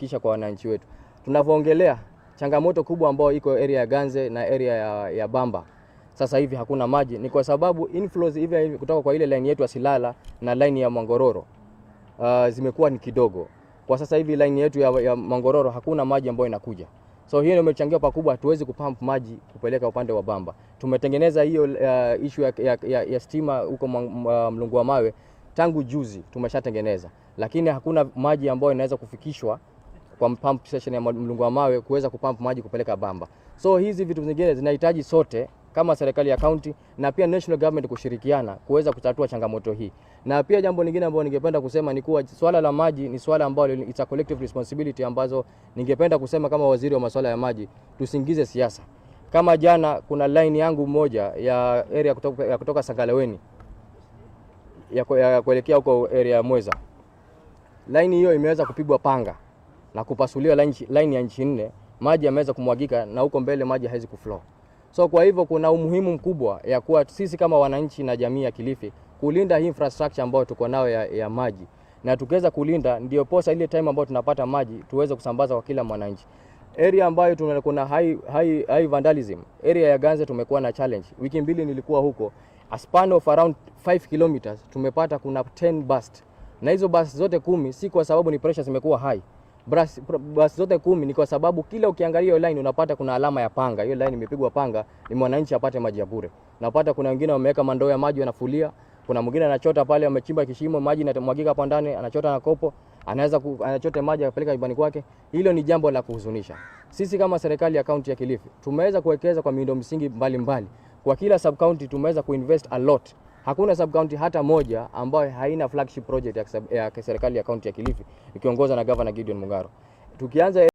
kufikisha kwa wananchi wetu. Tunavyoongelea changamoto kubwa ambayo iko area ya Ganze na area ya, ya Bamba sasa hivi hakuna maji, ni kwa sababu inflows hivi hivi kutoka kwa ile line yetu ya Silala na line ya Mwangororo uh, zimekuwa ni kidogo. Kwa sasa hivi line yetu ya, ya Mwangororo hakuna maji ambayo inakuja, so hiyo ndio imechangia pakubwa. Hatuwezi kupump maji kupeleka upande wa Bamba. Tumetengeneza hiyo uh, issue ya, ya, ya, ya stima huko uh, Mlungu wa Mawe tangu juzi tumeshatengeneza, lakini hakuna maji ambayo inaweza kufikishwa kwa pump station ya mlungu wa mawe kuweza kupump maji kupeleka Bamba. So hizi vitu vingine zinahitaji sote kama serikali ya kaunti na pia national government kushirikiana kuweza kutatua changamoto hii. Na pia jambo lingine ambalo ningependa kusema ni kuwa swala la maji ni swala ambalo it's a collective responsibility ambazo ningependa kusema kama waziri wa masuala ya maji tusingize siasa. Kama jana kuna line yangu moja ya area kutoka, ya kutoka Sangalaweni ya kuelekea huko area ya Mweza. Line hiyo imeweza kupigwa panga na kupasuliwa line ya nchi nne, maji yameweza kumwagika na huko mbele maji haizi kuflow. So kwa hivyo kuna umuhimu mkubwa ya kuwa sisi kama wananchi na jamii ya Kilifi kulinda hii infrastructure ambayo tuko nayo ya, ya maji na tukiweza kulinda ndio posa ile time ambayo tunapata maji tuweze kusambaza kwa kila mwananchi. Area ambayo tunakuwa na high, high, high vandalism area ya Ganze tumekuwa na challenge. Wiki mbili nilikuwa huko, a span of around 5 kilometers tumepata kuna 10 bust, na hizo bust zote kumi si kwa sababu ni pressure zimekuwa high basi, zote kumi ni kwa sababu kila ukiangalia hiyo line unapata kuna alama ya panga. Hiyo line imepigwa panga ni mwananchi apate maji ya bure. Napata kuna wengine wameweka mandoo ya maji wanafulia, kuna mwingine anachota pale amechimba kishimo maji inamwagika hapo ndani, anachota na kopo, anaweza anachota maji akapeleka nyumbani kwake. Hilo ni jambo la kuhuzunisha. Sisi kama serikali ya kaunti ya Kilifi tumeweza kuwekeza kwa miundo msingi mbalimbali. Kwa kila sub county tumeweza kuinvest a lot Hakuna sub county hata moja ambayo haina flagship project ya serikali ya kaunti ya Kilifi ikiongozwa na governor Gideon Mungaro. Tukianza